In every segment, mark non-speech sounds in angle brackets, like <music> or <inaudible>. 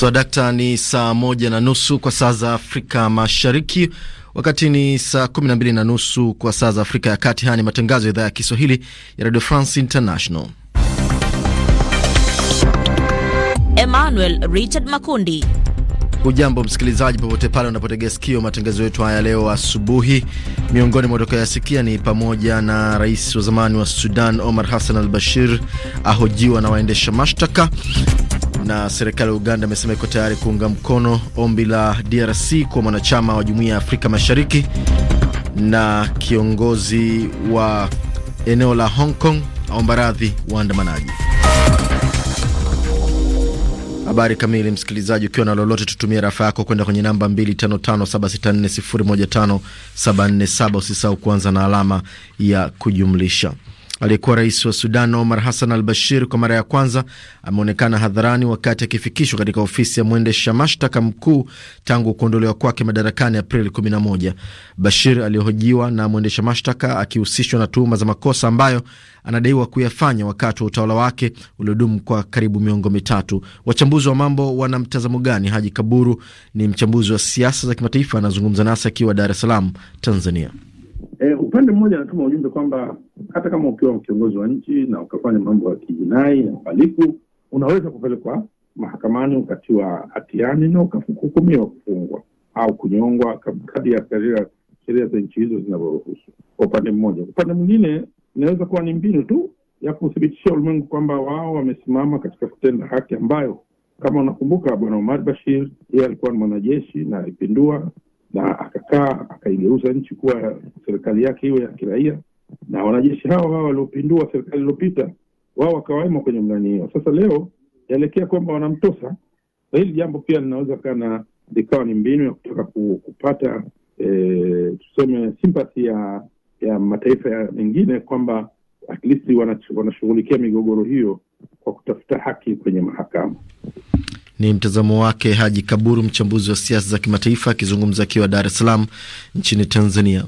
So, dakta ni saa moja na nusu kwa saa za Afrika Mashariki, wakati ni saa kumi na mbili na nusu kwa saa za Afrika ya Kati. Haya ni matangazo ya idhaa ya Kiswahili ya Radio France International. Emmanuel Richard Makundi. Ujambo msikilizaji, popote pale unapotegea sikio matangazo yetu haya leo asubuhi. Miongoni mwa utakayoyasikia ni pamoja na rais wa zamani wa Sudan Omar Hassan al Bashir ahojiwa na waendesha mashtaka na serikali ya Uganda imesema iko tayari kuunga mkono ombi la DRC kwa mwanachama wa jumuiya ya Afrika Mashariki. Na kiongozi wa eneo la Hong Kong aomba radhi waandamanaji. Habari kamili, msikilizaji, ukiwa na lolote, tutumia rafa yako kwenda kwenye namba 255764015747. Usisahau kuanza na alama ya kujumlisha. Aliyekuwa rais wa Sudan Omar Hassan al Bashir kwa mara ya kwanza ameonekana hadharani wakati akifikishwa katika ofisi ya mwendesha mashtaka mkuu tangu kuondolewa kwake madarakani Aprili 11. Bashir aliyehojiwa na mwendesha mashtaka akihusishwa na tuhuma za makosa ambayo anadaiwa kuyafanya wakati wa utawala wake uliodumu kwa karibu miongo mitatu. Wachambuzi wa mambo wana mtazamo gani? Haji Kaburu ni mchambuzi wa siasa za kimataifa, anazungumza nasi akiwa Dar es Salaam, Tanzania. E, upande mmoja anatuma ujumbe kwamba hata kama ukiwa kiongozi wa nchi na ukafanya mambo ya kijinai na uhalifu, unaweza kupelekwa mahakamani ukatiwa hatiani na ukahukumiwa kufungwa au kunyongwa kadri ya sheria za nchi hizo zinavyoruhusu. Kwa upande mmoja. Upande mwingine inaweza kuwa ni mbinu tu ya kuthibitishia ulimwengu kwamba wao wamesimama katika kutenda haki ambayo kama unakumbuka, Bwana Omar Bashir yeye alikuwa ni mwanajeshi na alipindua na akakaa akaigeuza nchi kuwa serikali yake iwe ya kiraia, na wanajeshi hao hao waliopindua serikali iliyopita wao wakawemo kwenye mnani hiyo. Sasa leo yaelekea kwamba wanamtosa. Na hili jambo pia linaweza kana likawa ni mbinu ya kutaka kupata e, tuseme sympathy ya ya mataifa mengine kwamba at least wanashughulikia migogoro hiyo kwa kutafuta haki kwenye mahakama. Ni mtazamo wake Haji Kaburu, mchambuzi wa siasa za kimataifa, akizungumza akiwa Dar es Salaam nchini Tanzania.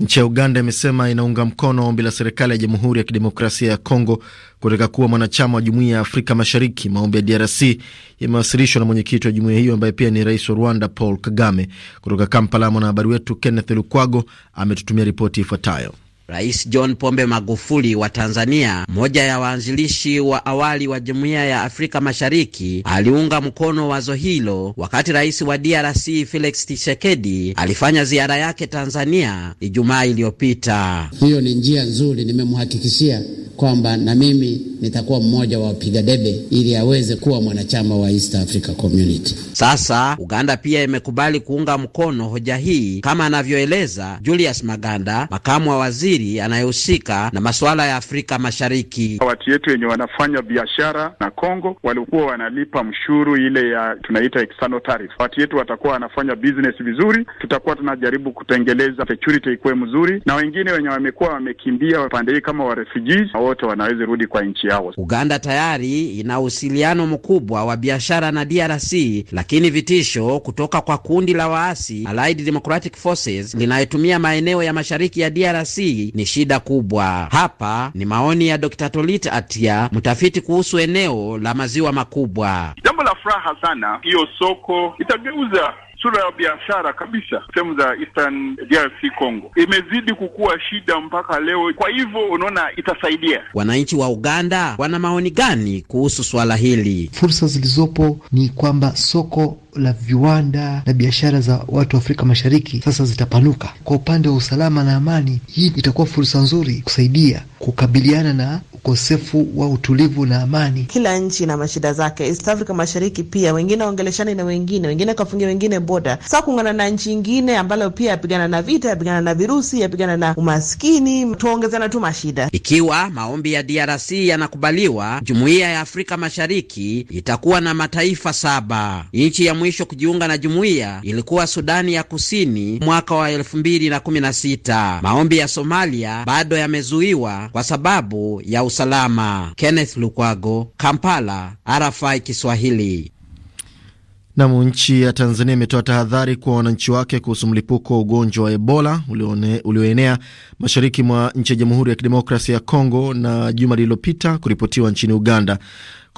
Nchi ya Uganda imesema inaunga mkono ombi la serikali ya Jamhuri ya Kidemokrasia ya Kongo kutaka kuwa mwanachama wa Jumuiya ya Afrika Mashariki. Maombi ya DRC yamewasilishwa na mwenyekiti wa jumuiya hiyo ambaye pia ni rais wa Rwanda, Paul Kagame. Kutoka Kampala, mwanahabari wetu Kenneth Lukwago ametutumia ripoti ifuatayo. Rais John Pombe Magufuli wa Tanzania, mmoja ya waanzilishi wa awali wa Jumuiya ya Afrika Mashariki, aliunga mkono wazo hilo wakati rais wa DRC Felix Tshisekedi alifanya ziara yake Tanzania Ijumaa iliyopita. Hiyo ni njia nzuri, nimemhakikishia kwamba na mimi nitakuwa mmoja wa wapiga debe ili aweze kuwa mwanachama wa East Africa Community. Sasa Uganda pia imekubali kuunga mkono hoja hii, kama anavyoeleza Julius Maganda, makamu wa waziri waziri anayehusika na masuala ya Afrika Mashariki. Watu yetu wenye wanafanya biashara na Kongo walikuwa wanalipa mshuru ile ya tunaita external tariff. Watu yetu watakuwa wanafanya business vizuri, tutakuwa tunajaribu kutengeleza security ikuwe mzuri, na wengine wenye wamekuwa wamekimbia pande hii kama wa refugees, wote wanaweza rudi kwa nchi yao. Uganda tayari ina uhusiliano mkubwa wa biashara na DRC, lakini vitisho kutoka kwa kundi la waasi Allied Democratic Forces linayotumia maeneo ya mashariki ya DRC ni shida kubwa. Hapa ni maoni ya Dr. Tolit Atia, mtafiti kuhusu eneo la maziwa makubwa. Jambo la furaha sana, hiyo soko itageuza sura ya biashara kabisa. Sehemu za Eastern DRC Congo imezidi kukua shida mpaka leo, kwa hivyo unaona itasaidia. Wananchi wa Uganda wana maoni gani kuhusu swala hili? Fursa zilizopo ni kwamba soko la viwanda na biashara za watu wa Afrika Mashariki sasa zitapanuka. Kwa upande wa usalama na amani, hii itakuwa fursa nzuri kusaidia kukabiliana na ukosefu wa utulivu na amani. Kila nchi na mashida zake. East Africa Mashariki pia wengine waongeleshani na wengine, wengine kafungia wengine boda, Sasa kuungana na nchi ingine ambalo pia yapigana na vita, yapigana na virusi, yapigana na umaskini, tuongezana tu mashida. Ikiwa maombi ya DRC yanakubaliwa, jumuiya ya Afrika Mashariki itakuwa na mataifa saba. Nchi ya mwisho kujiunga na jumuiya ilikuwa Sudani ya Kusini mwaka wa 2016. Maombi ya Somalia bado yamezuiwa kwa sababu ya usalama. Kenneth Lukwago, Kampala, RFI Kiswahili. Nam, nchi ya Tanzania imetoa tahadhari kwa wananchi wake kuhusu mlipuko wa ugonjwa wa Ebola ulioenea mashariki mwa nchi ya Jamhuri ya Kidemokrasia ya Kongo na juma lililopita kuripotiwa nchini Uganda.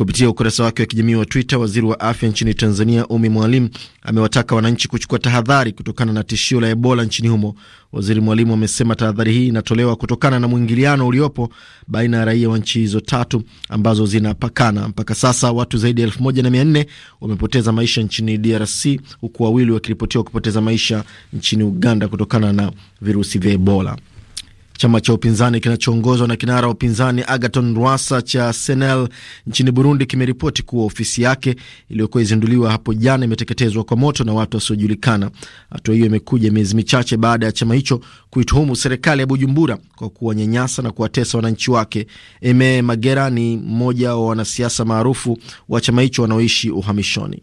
Kupitia ukurasa wake wa kijamii wa Twitter, waziri wa afya nchini Tanzania Umi Mwalimu amewataka wananchi kuchukua tahadhari kutokana na tishio la Ebola nchini humo. Waziri Mwalimu amesema tahadhari hii inatolewa kutokana na mwingiliano uliopo baina ya raia wa nchi hizo tatu ambazo zinapakana. Mpaka sasa watu zaidi ya elfu moja na mia nne wamepoteza maisha nchini DRC, huku wawili wakiripotiwa kupoteza maisha nchini Uganda kutokana na virusi vya Ebola. Chama cha upinzani kinachoongozwa na kinara wa upinzani Agaton Rwasa cha Senel nchini Burundi kimeripoti kuwa ofisi yake iliyokuwa izinduliwa hapo jana imeteketezwa kwa moto na watu wasiojulikana. Hatua hiyo imekuja miezi michache baada ya chama hicho kuituhumu serikali ya Bujumbura kwa kuwanyanyasa na kuwatesa wananchi wake. Eme Magera ni mmoja wa wanasiasa maarufu wa chama hicho wanaoishi uhamishoni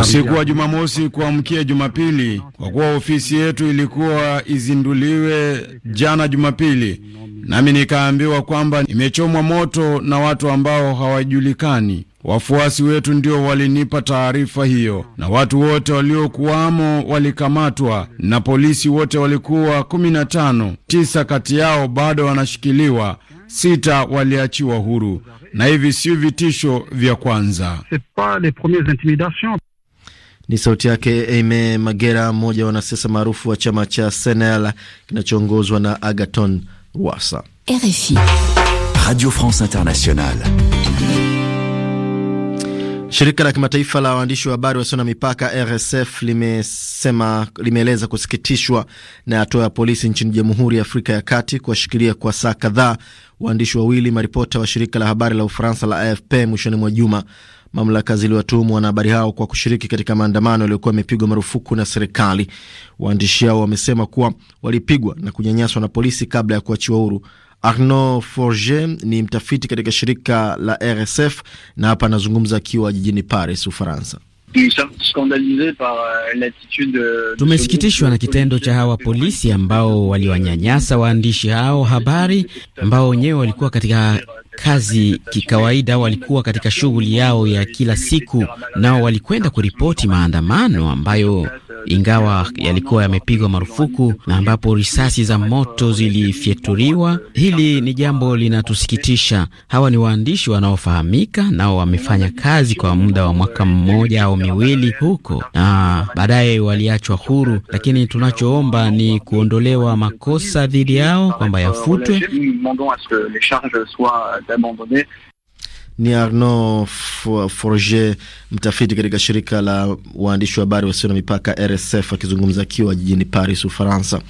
usiku wa Jumamosi kuamkia Jumapili, kwa kuwa ofisi yetu ilikuwa izinduliwe jana Jumapili, nami nikaambiwa kwamba imechomwa moto na watu ambao hawajulikani. Wafuasi wetu ndio walinipa taarifa hiyo, na watu wote waliokuwamo walikamatwa na polisi. Wote walikuwa kumi na tano, tisa kati yao bado wanashikiliwa, sita waliachiwa huru na hivi sio vitisho vya kwanza. Ni sauti yake Aime Magera, mmoja wa wanasiasa maarufu wa chama cha CNL kinachoongozwa na Agaton Rwasa. RFI Radio France Internationale. Shirika la kimataifa la waandishi wa habari wasio na mipaka RSF limesema limeeleza kusikitishwa na hatua ya polisi nchini Jamhuri ya Afrika ya Kati kuwashikilia kwa saa kadhaa waandishi wawili maripota wa shirika la habari la Ufaransa la AFP mwishoni mwa juma. Mamlaka ziliwatuhumu wanahabari hao kwa kushiriki katika maandamano yaliyokuwa yamepigwa marufuku na serikali. Waandishi hao wamesema kuwa walipigwa na kunyanyaswa na polisi kabla ya kuachiwa huru. Arnaud Forge ni mtafiti katika shirika la RSF na hapa anazungumza akiwa jijini Paris, Ufaransa. Euh, Tumesikitishwa na kitendo cha hawa polisi ambao waliwanyanyasa waandishi hao habari ambao wenyewe walikuwa katika kazi kikawaida, walikuwa katika shughuli yao ya kila siku, nao walikwenda kuripoti maandamano ambayo ingawa yalikuwa yamepigwa marufuku na ambapo risasi za moto zilifyeturiwa Hili ni jambo linatusikitisha. Hawa ni waandishi wanaofahamika, nao wamefanya kazi kwa muda wa mwaka mmoja au miwili huko na baadaye waliachwa huru, lakini tunachoomba ni kuondolewa makosa dhidi yao, kwamba yafutwe. Ni Arnaud Forger, mtafiti katika shirika la waandishi wa habari wasio na mipaka RSF, akizungumza akiwa jijini Paris, Ufaransa.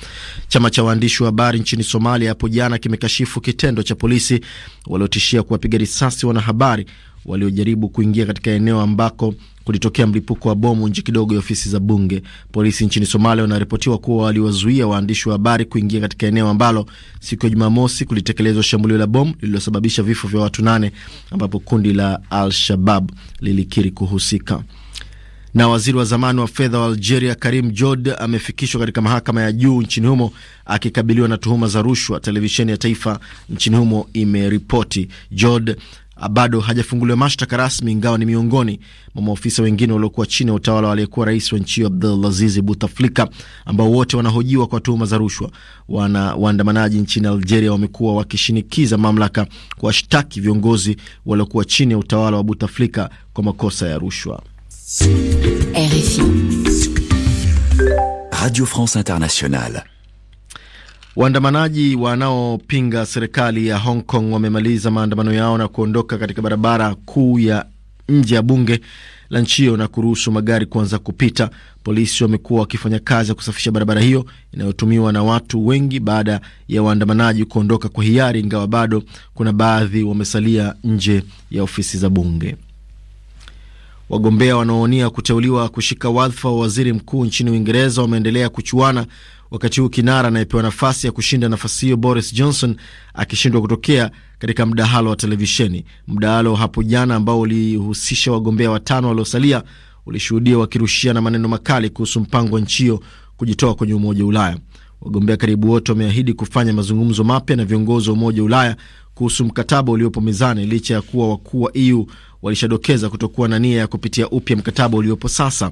Chama cha waandishi wa habari nchini Somalia hapo jana kimekashifu kitendo cha polisi waliotishia kuwapiga risasi wanahabari waliojaribu kuingia katika eneo ambako kulitokea mlipuko wa bomu nje kidogo ya ofisi za bunge. Polisi nchini Somalia wanaripotiwa kuwa waliwazuia waandishi wa habari kuingia katika eneo ambalo siku ya Jumamosi kulitekelezwa shambulio la bomu lililosababisha vifo vya watu nane, ambapo kundi la Al-Shabab lilikiri kuhusika na waziri wa zamani wa fedha wa Algeria Karim Jod amefikishwa katika mahakama ya juu nchini humo akikabiliwa na tuhuma za rushwa, televisheni ya taifa nchini humo imeripoti. Jod bado hajafunguliwa mashtaka rasmi, ingawa ni miongoni mwa maofisa wengine waliokuwa chini ya utawala wa aliyekuwa rais wa nchi hiyo Abdulaziz Butaflika, ambao wote wanahojiwa kwa tuhuma za rushwa. Wana waandamanaji nchini Algeria wamekuwa wakishinikiza mamlaka kuwashtaki viongozi waliokuwa chini ya utawala wa Butaflika kwa makosa ya rushwa. RFI Radio France Internationale Waandamanaji wanaopinga serikali ya Hong Kong wamemaliza maandamano yao na kuondoka katika barabara kuu ya nje ya bunge la nchi hiyo na kuruhusu magari kuanza kupita. Polisi wamekuwa wakifanya kazi ya kusafisha barabara hiyo inayotumiwa na watu wengi baada ya waandamanaji kuondoka kwa hiari, ingawa bado kuna baadhi wamesalia nje ya ofisi za bunge. Wagombea wanaoonia kuteuliwa kushika wadhifa wa waziri mkuu nchini Uingereza wameendelea kuchuana wakati huu kinara anayepewa nafasi ya kushinda nafasi hiyo Boris Johnson akishindwa kutokea katika mdahalo wa televisheni. Mdahalo hapo jana ambao ulihusisha wagombea watano waliosalia ulishuhudia wakirushiana maneno makali kuhusu mpango wa nchi hiyo kujitoa kwenye Umoja wa Ulaya. Wagombea karibu wote wameahidi kufanya mazungumzo mapya na viongozi wa Umoja wa Ulaya kuhusu mkataba uliopo mezani, licha ya kuwa wakuu wa EU walishadokeza kutokuwa na nia ya kupitia upya mkataba uliopo sasa.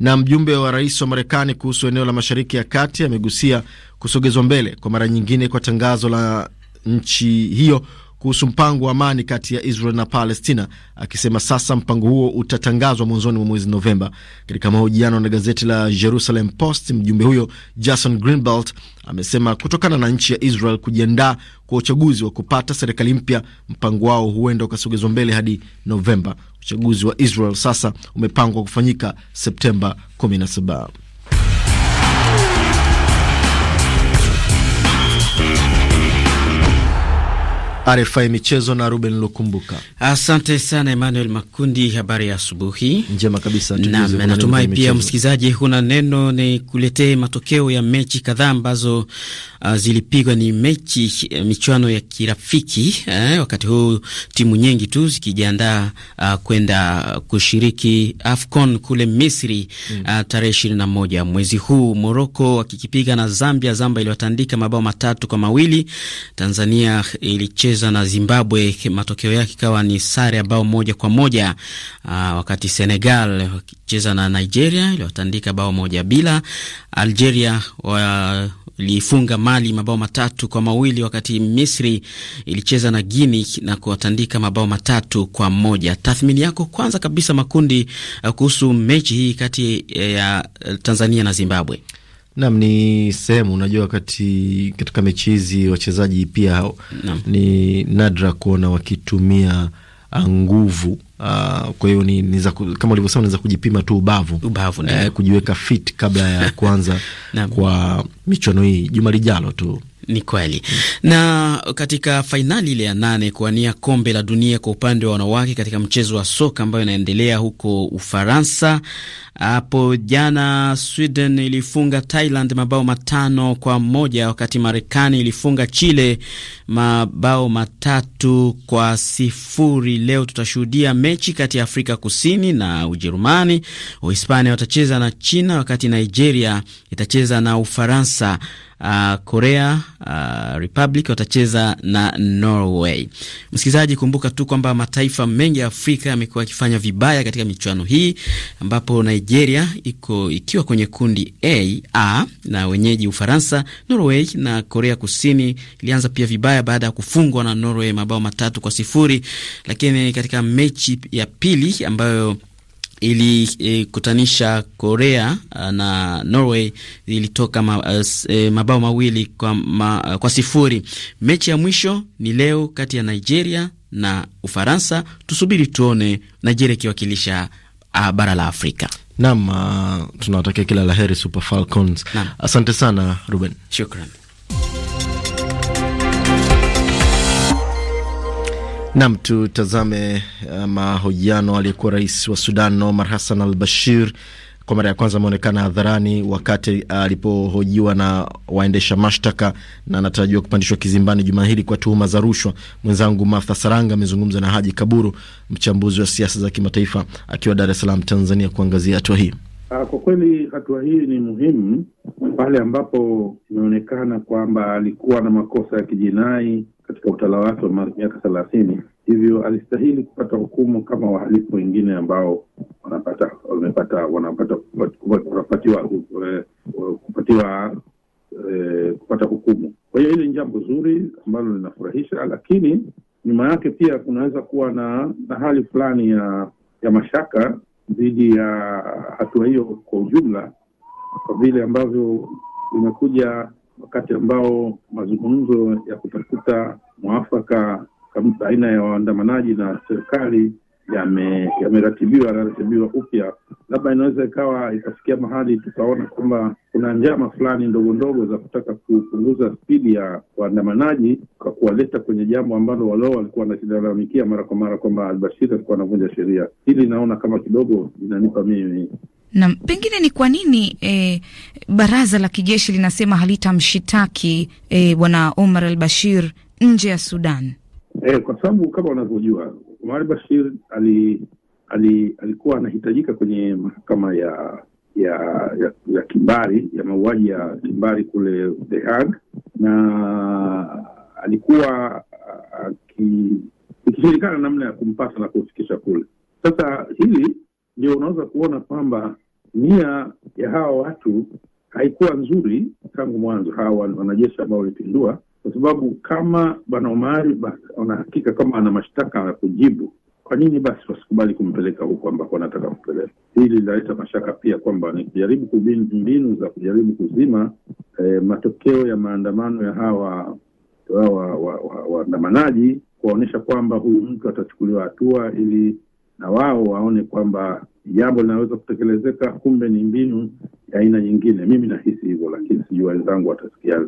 Na mjumbe wa rais wa Marekani kuhusu eneo la Mashariki ya Kati amegusia kusogezwa mbele kwa mara nyingine kwa tangazo la nchi hiyo kuhusu mpango wa amani kati ya Israel na Palestina, akisema sasa mpango huo utatangazwa mwanzoni mwa mwezi Novemba. Katika mahojiano na gazeti la Jerusalem Post, mjumbe huyo Jason Greenblatt amesema kutokana na nchi ya Israel kujiandaa kwa uchaguzi wa kupata serikali mpya, mpango wao huenda ukasogezwa mbele hadi Novemba. Uchaguzi wa Israel sasa umepangwa kufanyika Septemba 17. RFI Michezo na Ruben Lukumbuka. Asante sana Emmanuel Makundi, habari ya asubuhi. Njema kabisa, naam. Natumai pia msikilizaji, huna neno. Ni kuletee matokeo ya mechi kadhaa ambazo uh, zilipigwa ni mechi uh, michuano ya kirafiki eh, wakati huu timu nyingi tu zikijiandaa uh, kwenda kushiriki AFCON kule Misri mm. uh, tarehe ishirini na moja mwezi huu, Morocco wakikipiga na Zambia. Zambia iliwatandika mabao matatu kwa mawili. Tanzania ilicheza kucheza na Zimbabwe, matokeo yake ikawa ni sare ya bao moja kwa moja. Aa, ah, wakati Senegal wakicheza na Nigeria iliwatandika bao moja bila. Algeria wa ilifunga Mali mabao matatu kwa mawili wakati Misri ilicheza na Guini na kuwatandika mabao matatu kwa moja. Tathmini yako kwanza kabisa makundi eh, kuhusu mechi hii kati eh, ya eh, Tanzania na Zimbabwe? Nam ni sehemu, unajua wakati katika mechi hizi wachezaji pia na, ni nadra kuona wakitumia ah, nguvu uh, kwa hiyo ni, ni kama ulivyosema naweza kujipima tu ubavu, ubavu eh, kujiweka fit kabla ya <laughs> kuanza kwa michuano hii juma lijalo tu. Ni kweli. Na katika fainali ile ya nane kuwania kombe la dunia kwa upande wa wanawake katika mchezo wa soka ambayo inaendelea huko Ufaransa, hapo jana Sweden ilifunga Thailand mabao matano kwa moja wakati Marekani ilifunga Chile mabao matatu kwa sifuri. Leo tutashuhudia mechi kati ya Afrika Kusini na Ujerumani, Uhispania watacheza na China, wakati Nigeria itacheza na Ufaransa uh, Korea uh, Republic watacheza na Norway. Msikilizaji, kumbuka tu kwamba mataifa mengi ya Afrika yamekuwa yakifanya vibaya katika michuano hii, ambapo Nigeria iko ikiwa kwenye kundi A, A na wenyeji Ufaransa, Norway na Korea Kusini ilianza pia vibaya baada ya kufungwa na Norway mabao matatu kwa sifuri, lakini katika mechi ya pili ambayo ilikutanisha Korea uh, na Norway, ilitoka uh, eh, mabao mawili kwa, ma, uh, kwa sifuri. Mechi ya mwisho ni leo kati ya Nigeria na Ufaransa. Tusubiri tuone Nigeria ikiwakilisha bara la Afrika. Naam, tunawatakia kila la heri Super Falcons. Asante sana Ruben, shukran. Nam, tutazame eh, mahojiano. Aliyekuwa rais wa Sudan Omar Hassan al Bashir kwa mara ya kwanza ameonekana hadharani wakati alipohojiwa na waendesha mashtaka na anatarajiwa kupandishwa kizimbani juma hili kwa tuhuma za rushwa. Mwenzangu Martha Saranga amezungumza na Haji Kaburu, mchambuzi wa siasa za kimataifa, akiwa Dar es Salaam, Tanzania, kuangazia hatua hii. Ah, kwa kweli hatua hii ni muhimu pale ambapo inaonekana kwamba alikuwa na makosa ya kijinai katika utawala wake wa miaka thelathini, hivyo alistahili kupata hukumu kama wahalifu wengine ambao wanapata wamepata wanapata eh, kupatiwa eh, kupata hukumu. Kwa hiyo hili ni jambo zuri ambalo linafurahisha, lakini nyuma yake pia kunaweza kuwa na, na hali fulani ya ya mashaka dhidi ya hatua hiyo kwa ujumla, kwa vile ambavyo imekuja wakati ambao mazungumzo ya kutafuta mwafaka baina ya waandamanaji na serikali yameratibiwa yame yanaratibiwa upya, labda inaweza ikawa ikafikia mahali tukaona kwamba kuna njama fulani ndogo ndogo za kutaka kupunguza spidi ya waandamanaji kwa kuwaleta kwenye jambo ambalo walo walikuwa wanakilalamikia mara kwa mara kwamba Albashiri alikuwa anavunja sheria. Hili naona kama kidogo inanipa mimi na pengine ni kwa nini e, baraza la kijeshi linasema halitamshitaki eh, bwana e, Omar al Bashir nje ya Sudan e, kwa sababu kama unavyojua Omar Bashir ali, ali, alikuwa anahitajika kwenye mahakama ya ya ya, ya kimbari ya mauaji ya kimbari kule The Hague, na alikuwa ikishirikana namna ya kumpata na kumfikisha kule. Sasa hili ndio unaweza kuona kwamba nia ya hawa watu haikuwa nzuri tangu mwanzo, hawa wanajeshi ambao walipindua kwa sababu kama bwana Omari ana hakika kama ana mashtaka ya kujibu, kwa nini basi wasikubali kumpeleka huko ambako wanataka kumpeleka? Hili linaleta mashaka pia kwamba ni kujaribu kubindu mbinu za kujaribu kuzima eh, matokeo ya maandamano ya hawa waandamanaji wa, wa, wa, wa kuwaonyesha kwamba huyu mtu atachukuliwa hatua ili na wao waone kwamba jambo linaweza kutekelezeka, kumbe ni mbinu ya aina nyingine. Mimi nahisi hivyo, lakini sijui wenzangu watasikia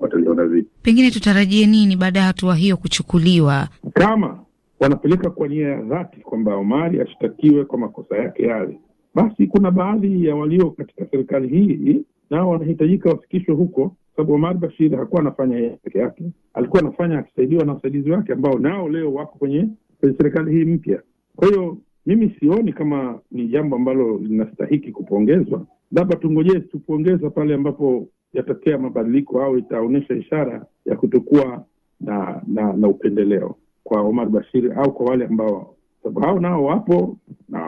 wataliona vipi. Pengine tutarajie nini baada ya hatua hiyo kuchukuliwa? Kama wanapeleka kwa nia ya dhati kwamba Omari ashitakiwe kwa makosa yake yale, basi kuna baadhi ya walio katika serikali hii nao wanahitajika wafikishwe huko, sababu Omar Bashir hakuwa anafanya yeye peke yake, alikuwa anafanya akisaidiwa na wasaidizi wake ambao nao leo wako kwenye serikali hii mpya. Kwa hiyo mimi sioni kama ni jambo ambalo linastahiki kupongezwa, labda tungojee tupongeza pale ambapo yatokea mabadiliko au itaonyesha ishara ya kutokuwa na, na na upendeleo kwa Omar Bashir au kwa wale ambao sababu hao nao wapo na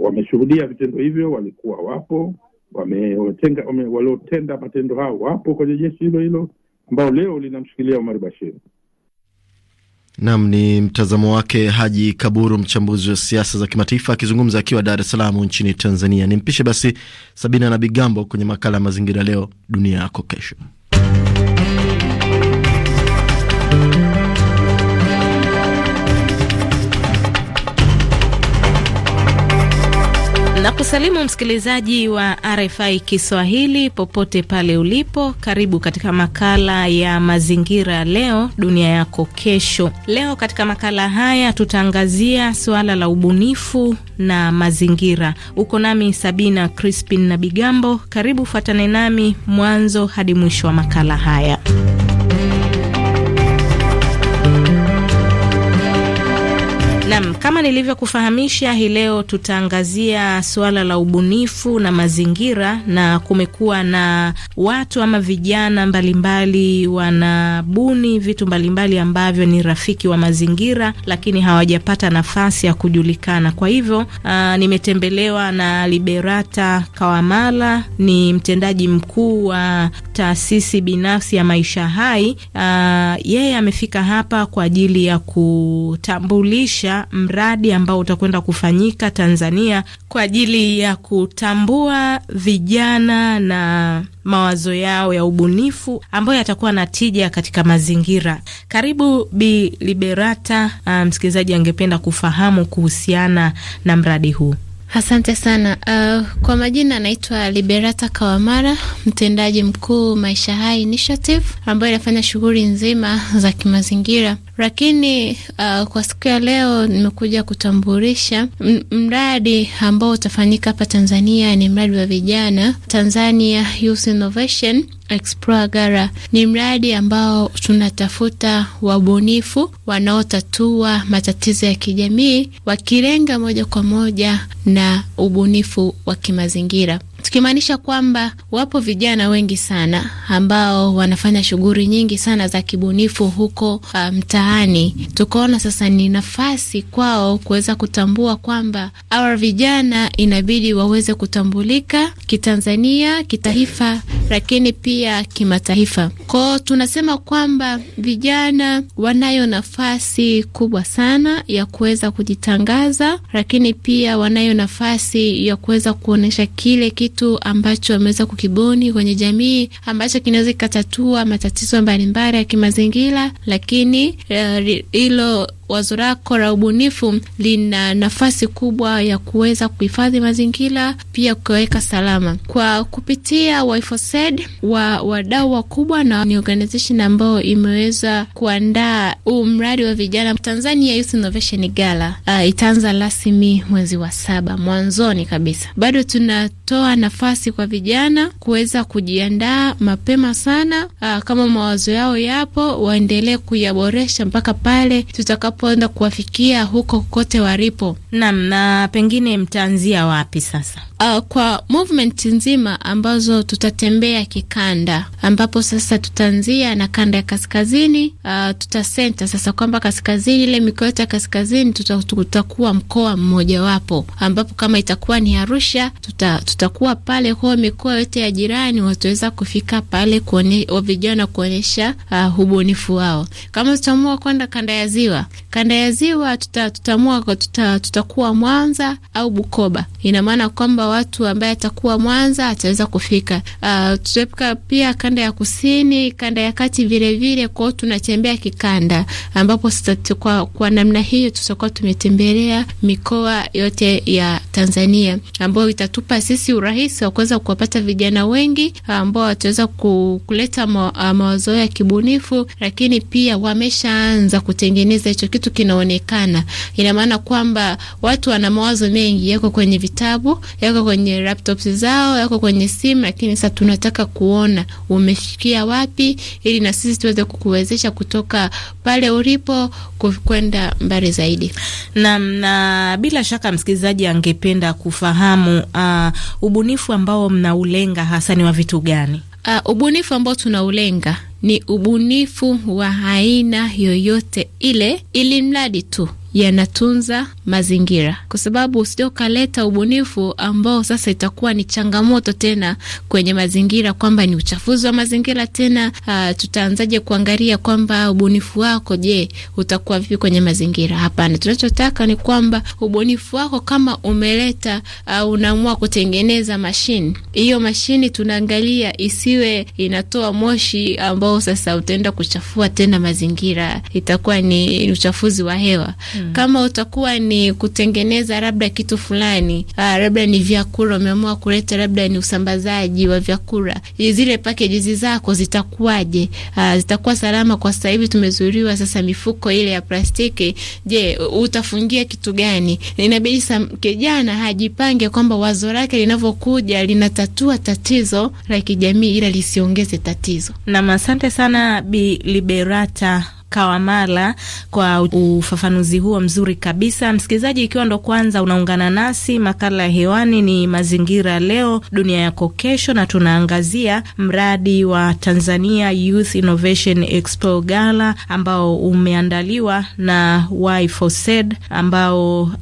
wameshuhudia vitendo hivyo, walikuwa wapo wametenga wame, waliotenda matendo hao wapo kwenye jeshi hilo hilo ambao leo linamshikilia Omar Bashir. Nam ni mtazamo wake Haji Kaburu, mchambuzi wa siasa za kimataifa akizungumza akiwa Dar es Salaam nchini Tanzania. ni mpishe basi Sabina na Bigambo kwenye makala ya mazingira, leo dunia yako kesho. Na kusalimu msikilizaji wa RFI Kiswahili popote pale ulipo, karibu katika makala ya mazingira leo dunia yako kesho. Leo katika makala haya tutaangazia suala la ubunifu na mazingira. Uko nami Sabina Crispin na Bigambo, karibu fuatane nami mwanzo hadi mwisho wa makala haya. Kama nilivyokufahamisha, hii leo tutaangazia suala la ubunifu na mazingira, na kumekuwa na watu ama vijana mbalimbali wanabuni vitu mbalimbali ambavyo ni rafiki wa mazingira, lakini hawajapata nafasi ya kujulikana. Kwa hivyo uh, nimetembelewa na Liberata Kawamala, ni mtendaji mkuu wa taasisi binafsi ya Maisha Hai. Uh, yeye amefika hapa kwa ajili ya kutambulisha mradi mradi ambao utakwenda kufanyika Tanzania kwa ajili ya kutambua vijana na mawazo yao ya ubunifu ambayo yatakuwa na tija katika mazingira. Karibu Bi Liberata. Uh, msikilizaji angependa kufahamu kuhusiana na mradi huu. Asante sana. Uh, kwa majina anaitwa Liberata Kawamara, mtendaji mkuu Maisha Hai Initiative ambayo inafanya shughuli nzima za kimazingira, lakini uh, kwa siku ya leo nimekuja kutambulisha mradi ambao utafanyika hapa Tanzania. Ni mradi wa vijana Tanzania Youth Innovation Expragara ni mradi ambao tunatafuta wabunifu wanaotatua matatizo ya kijamii wakilenga moja kwa moja na ubunifu wa kimazingira tukimaanisha kwamba wapo vijana wengi sana ambao wanafanya shughuli nyingi sana za kibunifu huko uh, mtaani. Um, tukaona sasa ni nafasi kwao kuweza kutambua kwamba hawa vijana inabidi waweze kutambulika kitanzania, kitaifa, lakini pia kimataifa. Kwao tunasema kwamba vijana wanayo nafasi kubwa sana ya kuweza kujitangaza, lakini pia wanayo nafasi ya kuweza kuonyesha kile kitu kitu ambacho ameweza kukiboni kwenye jamii ambacho kinaweza kikatatua matatizo mbalimbali ya kimazingira, lakini eh, hilo wazo lako la ubunifu lina nafasi kubwa ya kuweza kuhifadhi mazingira, pia kuweka salama kwa kupitia WIFOSED, wa wadau wakubwa na ni organization ambayo imeweza kuandaa huu mradi wa vijana Tanzania Youth Innovation Gala. Uh, itaanza rasmi mwezi wa saba mwanzoni kabisa. Bado tunatoa nafasi kwa vijana kuweza kujiandaa mapema sana. Uh, kama mawazo yao yapo waendelee kuyaboresha mpaka pale tutakapo tutakapoenda kuwafikia huko kote walipo. Naam, na pengine mtaanzia wapi sasa? Uh, kwa movement nzima ambazo tutatembea kikanda, ambapo sasa tutaanzia na kanda ya kaskazini. Uh, tutasenta sasa kwamba kaskazini, ile mikoa yote ya kaskazini tutakuwa mkoa mmojawapo, ambapo kama itakuwa ni Arusha tuta, tutakuwa pale. Kwa mikoa yote ya jirani wataweza kufika pale kuone, vijana kuonyesha uh, ah, ubunifu wao. Kama tutaamua kwenda kanda ya ziwa kanda ya ziwa tutatamua tuta, tutakuwa Mwanza au Bukoba. Ina maana kwamba watu ambaye atakuwa Mwanza ataweza kufika. Uh, ah, tutaepuka pia kanda ya kusini, kanda ya kati vilevile, kwao tunatembea kikanda, ambapo kwa, kwa namna hiyo tutakuwa tumetembelea mikoa yote ya Tanzania ambayo itatupa sisi urahisi wa kuweza kuwapata vijana wengi ambao wataweza kuleta ma, mawazo ya kibunifu, lakini pia wameshaanza kutengeneza hicho kitu kinaonekana. Ina maana kwamba watu wana mawazo mengi, yako kwenye vitabu, yako kwenye laptops zao, yako kwenye simu, lakini sasa tunataka kuona umefikia wapi, ili na sisi tuweze kukuwezesha kutoka pale ulipo kwenda mbali zaidi. Na, na bila shaka msikilizaji angependa kufahamu uh, ubunifu ambao mnaulenga hasa ni wa vitu gani? Uh, ubunifu ambao tunaulenga ni ubunifu wa aina yoyote ile, ili mradi tu yanatunza mazingira, kwa sababu usije ukaleta ubunifu ambao sasa itakuwa ni changamoto tena kwenye mazingira, kwamba ni uchafuzi wa mazingira tena. Uh, tutaanzaje kuangalia kwamba ubunifu wako, je, utakuwa vipi kwenye mazingira? Hapana, tunachotaka ni kwamba ubunifu wako kama umeleta uh, unaamua kutengeneza mashini, hiyo mashini tunaangalia isiwe inatoa moshi ambao sasa utaenda kuchafua tena mazingira, itakuwa ni uchafuzi wa hewa. Mm. Kama utakuwa ni kutengeneza labda kitu fulani, ah, labda ni vyakula umeamua kuleta, labda ni usambazaji wa vyakula, zile packages zako zitakuwaje? Ah, zitakuwa salama? Kwa sasa hivi tumezuiliwa sasa mifuko ile ya plastiki. Je, utafungia kitu gani? Inabidi kijana hajipange kwamba wazo lake linavyokuja linatatua tatizo la kijamii, ila lisiongeze tatizo. Nam, asante sana Bi Liberata Kawamala kwa ufafanuzi huo mzuri kabisa. Msikilizaji, ikiwa ndo kwanza unaungana nasi, makala ya hewani ni Mazingira Leo Dunia Yako Kesho, na tunaangazia mradi wa Tanzania Youth Innovation Expo Gala ambao umeandaliwa na Y4SED ambao uh,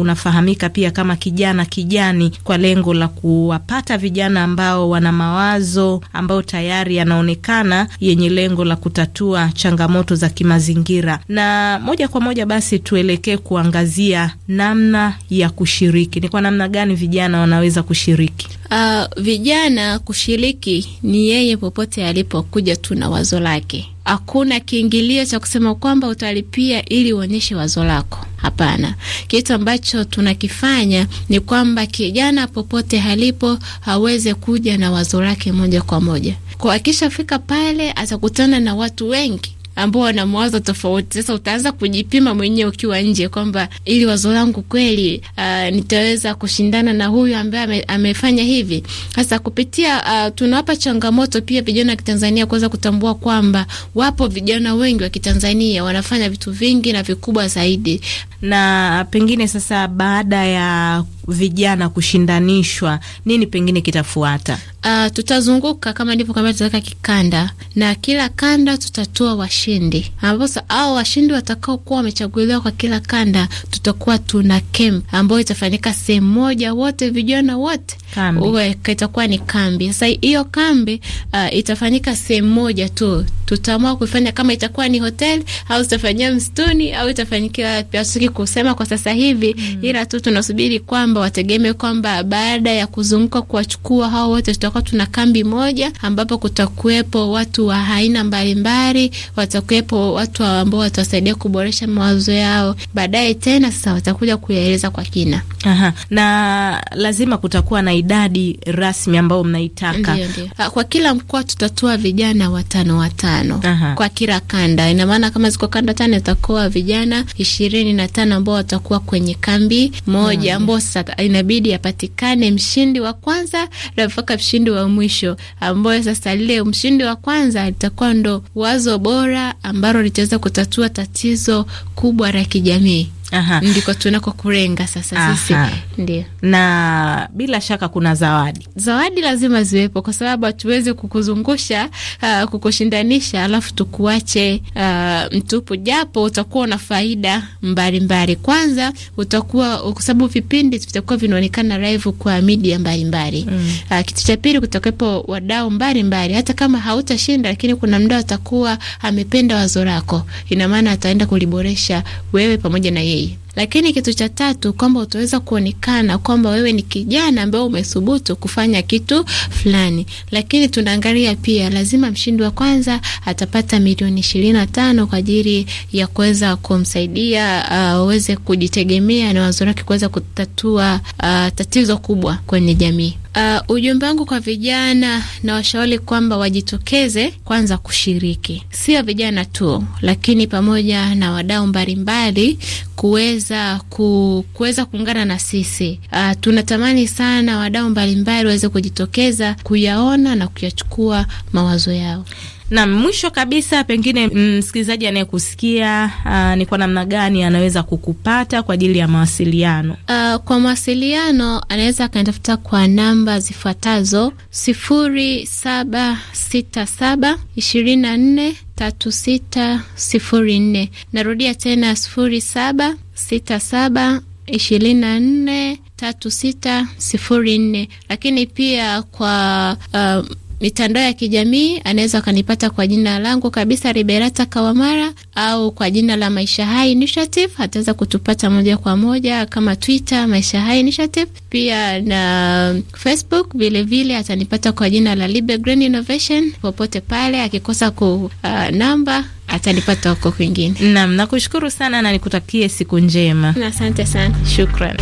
unafahamika pia kama Kijana Kijani kwa lengo la kuwapata vijana ambao wana mawazo ambayo tayari yanaonekana yenye lengo la kutatua changamoto za kimazingira. Na moja kwa moja basi tuelekee kuangazia namna ya kushiriki. Ni kwa namna gani vijana wanaweza kushiriki? Uh, vijana kushiriki ni yeye popote alipokuja tu na wazo lake. Hakuna kiingilio cha kusema kwamba utalipia ili uonyeshe wazo lako. Hapana, kitu ambacho tunakifanya ni kwamba kijana popote halipo aweze kuja na wazo lake moja kwa moja, kwa akishafika pale atakutana na watu wengi ambao wana mawazo tofauti. Sasa utaanza kujipima mwenyewe ukiwa nje kwamba ili wazo langu kweli, uh, nitaweza kushindana na huyu ambaye ame, amefanya hivi. Sasa kupitia uh, tunawapa changamoto pia vijana wa Kitanzania kuweza kutambua kwamba wapo vijana wengi wa Kitanzania wanafanya vitu vingi na vikubwa zaidi na pengine sasa, baada ya vijana kushindanishwa, nini pengine kitafuata? Uh, tutazunguka kama ndivyo, kama tutaweka kikanda na kila kanda tutatoa washindi, ambapo au washindi watakao kuwa wamechaguliwa kwa kila kanda, tutakuwa tuna camp ambayo itafanyika sehemu moja, wote vijana wote uwe, itakuwa ni kambi. Sasa hiyo kambi uh, itafanyika sehemu moja tu, tutaamua kuifanya kama itakuwa ni hoteli au tutafanyia msituni au itafanyikia wapi, kusema kwa sasa hivi mm. ila tu tunasubiri kwamba wategeme kwamba baada ya kuzunguka kuwachukua hao wote, tutakuwa tuna kambi moja ambapo kutakuwepo watu wa aina mbalimbali, watakuwepo watu ambao watawasaidia kuboresha mawazo yao. Baadaye tena sasa watakuja kuyaeleza kwa kina. Aha. na lazima kutakuwa na idadi rasmi ambayo mnaitaka. Ndiyo, ndiyo. Ah, kwa kila mkoa tutatoa vijana watano watano. Aha. kwa kila kanda, ina maana kama ziko kanda tano itakuwa vijana ishirini na tano watano ambao watakuwa kwenye kambi moja, mm. ambao sasa inabidi apatikane mshindi wa kwanza na mpaka mshindi wa mwisho, ambayo sasa lile mshindi wa kwanza litakuwa ndo wazo bora ambalo litaweza kutatua tatizo kubwa la kijamii. Aha. ndiko tunako kurenga sasa Aha. sisi ndio. Na bila shaka kuna zawadi, zawadi lazima ziwepo, kwa sababu hatuwezi kukuzungusha uh, kukushindanisha alafu tukuache uh, mtupu, japo utakuwa na faida mbalimbali. Kwanza utakuwa kwa sababu vipindi vitakuwa vinaonekana live kwa media mbalimbali mm. Uh, kitu cha pili kutakuwepo wadau mbalimbali, hata kama hautashinda, lakini kuna mdau atakuwa amependa wazo lako, ina maana ataenda kuliboresha wewe pamoja na yeye hii. Lakini kitu cha tatu kwamba utaweza kuonekana kwamba wewe ni kijana ambaye umethubutu kufanya kitu fulani. Lakini tunaangalia pia, lazima mshindi wa kwanza atapata milioni ishirini na tano kwa ajili ya kuweza kumsaidia uh, aweze uh, kujitegemea na wazo wake kuweza kutatua uh, tatizo kubwa kwenye jamii. Uh, ujumbe wangu kwa vijana na washauri kwamba wajitokeze kwanza kushiriki, sio vijana tu, lakini pamoja na wadau mbalimbali kuweza ku, kuweza kuungana na sisi. Uh, tunatamani sana wadau mbalimbali waweze kujitokeza kuyaona na kuyachukua mawazo yao. Na mwisho kabisa, pengine mm, msikilizaji anayekusikia uh, ni kwa namna gani anaweza kukupata kwa ajili ya mawasiliano? Uh, kwa mawasiliano anaweza akanitafuta kwa namba zifuatazo sifuri saba sita saba ishirini na nne tatu sita sifuri nne. Narudia tena sifuri saba sita saba ishirini na nne tatu sita sifuri nne. Lakini pia kwa uh, mitandao ya kijamii anaweza akanipata kwa jina langu kabisa Liberata Kawamara au kwa jina la Maisha Hai Initiative. Ataweza kutupata moja kwa moja kama Twitter Maisha Hai Initiative, pia na Facebook vilevile vile, atanipata kwa jina la Libe Green Innovation. Popote pale akikosa ku uh, namba atanipata huko kwingine. Naam, nakushukuru sana na nikutakie siku njema. Asante sana, shukran.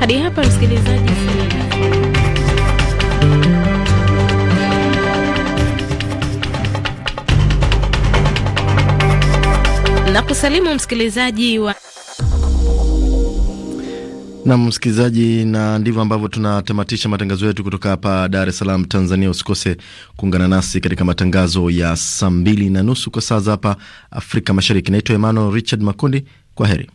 Hadi hapa msikilizaji. na kusalimu msikilizaji wa na msikilizaji, na ndivyo ambavyo tunatamatisha matangazo yetu kutoka hapa Dar es Salaam, Tanzania. Usikose kuungana nasi katika matangazo ya saa mbili na nusu kwa saa za hapa Afrika Mashariki. Naitwa Emmanuel Richard Makundi, kwa heri.